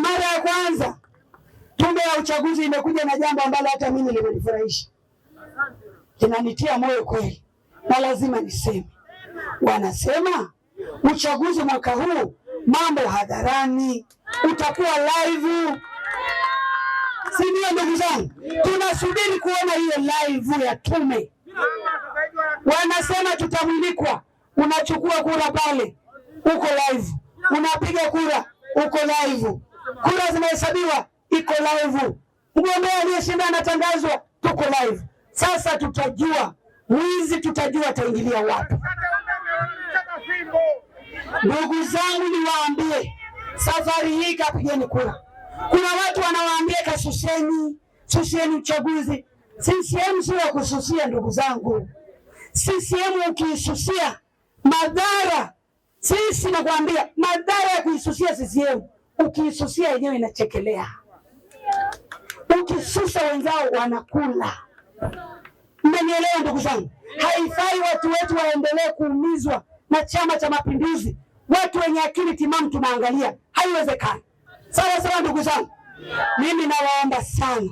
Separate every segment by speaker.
Speaker 1: mara ya kwanza tume ya uchaguzi imekuja na jambo ambalo hata mimi limenifurahisha, linanitia moyo kweli, na lazima niseme. Wanasema uchaguzi mwaka huu mambo hadharani, utakuwa live, si ndio? Ndugu zangu, tunasubiri kuona hiyo live ya tume. Wanasema tutamulikwa unachukua kura pale, uko live, unapiga kura, uko live kura zinahesabiwa, iko live. Mgombea aliyeshinda anatangazwa, tuko live. Sasa tutajua mwizi, tutajua ataingilia wapi. Ndugu zangu, niwaambie safari hii kapigeni kura. Kuna watu wanawaambia kasusheni susieni uchaguzi. CCM sio kususia, ndugu zangu. CCM ukiisusia madhara, sisi nakwambia madhara ya kuisusia CCM ukiisusia yenyewe inachekelea, ukisusa wenzao wanakula. Mmenielewa ndugu zangu? Haifai watu wetu waendelee kuumizwa na Chama cha Mapinduzi. Watu wenye akili timamu tunaangalia, haiwezekani. Sawa sawa, ndugu zangu, mimi nawaomba sana,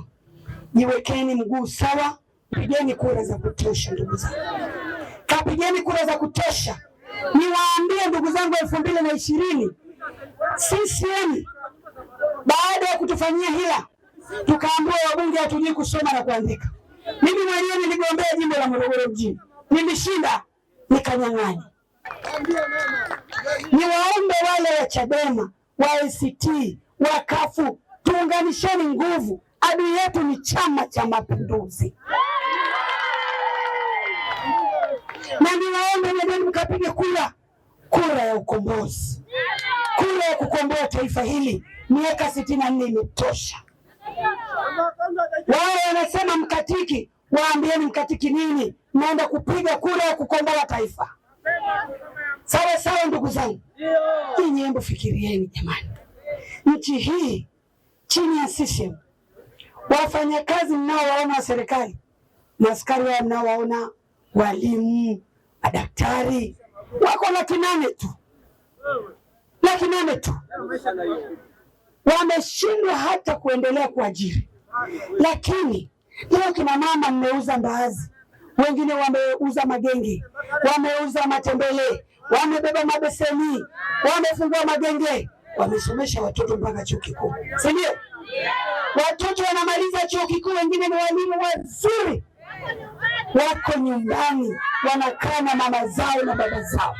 Speaker 1: jiwekeni mguu sawa, pigeni kura za kutosha. Ndugu zangu, kapigeni kura za kutosha. Niwaambie ndugu zangu, elfu mbili na ishirini CCM baada ya kutufanyia hila, tukaambiwa wabunge hatujui kusoma na kuandika. Mimi mwenyewe niligombea jimbo la Morogoro mjini, nilishinda nikanyang'anya. Niwaombe wale wa Chadema, wa ACT, wa kafu, tuunganisheni nguvu. Adui yetu ni Chama cha Mapinduzi, na niwaombe nendeni mkapige kura, kura ya ukombozi. Dhamira ya kukomboa taifa hili miaka sitini na nne imetosha. Wao wanasema mkatiki, waambieni mkatiki nini? Naenda kupiga kura ya kukomboa taifa. Sawa sawa, ndugu zangu, ninyi hebu fikirieni jamani, nchi hii chini ya system, wafanyakazi mnaowaona wa serikali, maaskari wao mnaowaona, walimu, madaktari wako laki nane tu ya kinene tu, wameshindwa hata kuendelea kuajiri. Lakini leo kina mama mmeuza mbaazi, wengine wameuza magenge, wameuza matembele, wamebeba mabeseni, wamefungua magenge, wamesomesha watoto mpaka chuo kikuu, si ndio? Watoto wanamaliza chuo kikuu, wengine ni walimu wazuri, wako nyumbani wanakaa na mama zao na baba zao,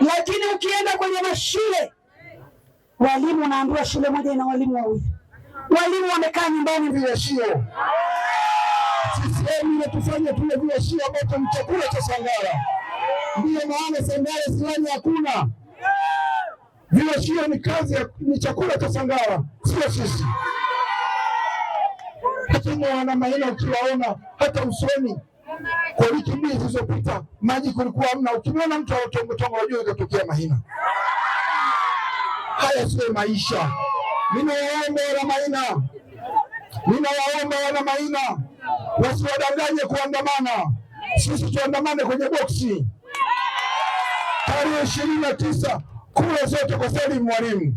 Speaker 1: lakini kwenye mashule, walimu unaambiwa shule moja ina walimu wawili, walimu wamekaa nyumbani, vile sio sisemi tufanye tule vile sio moto ni chakula cha Sangara. Ndiyo maana Sangara silani hakuna vile sio, ni kazi ni chakula cha Sangara, sio sisi. Hata wana maina ukiwaona hata usoni kwa wiki mbili zilizopita maji kulikuwa hamna, ukimwona mtu aotongotongo wajua ikatokea Mahina. Haya sio maisha. Ninawaomba wana Mahina, ninawaomba wana Mahina wasiwadanganye kuandamana. Sisi tuandamane kwenye boksi tarehe ishirini na tisa, kura zote kwa Salim Mwalimu.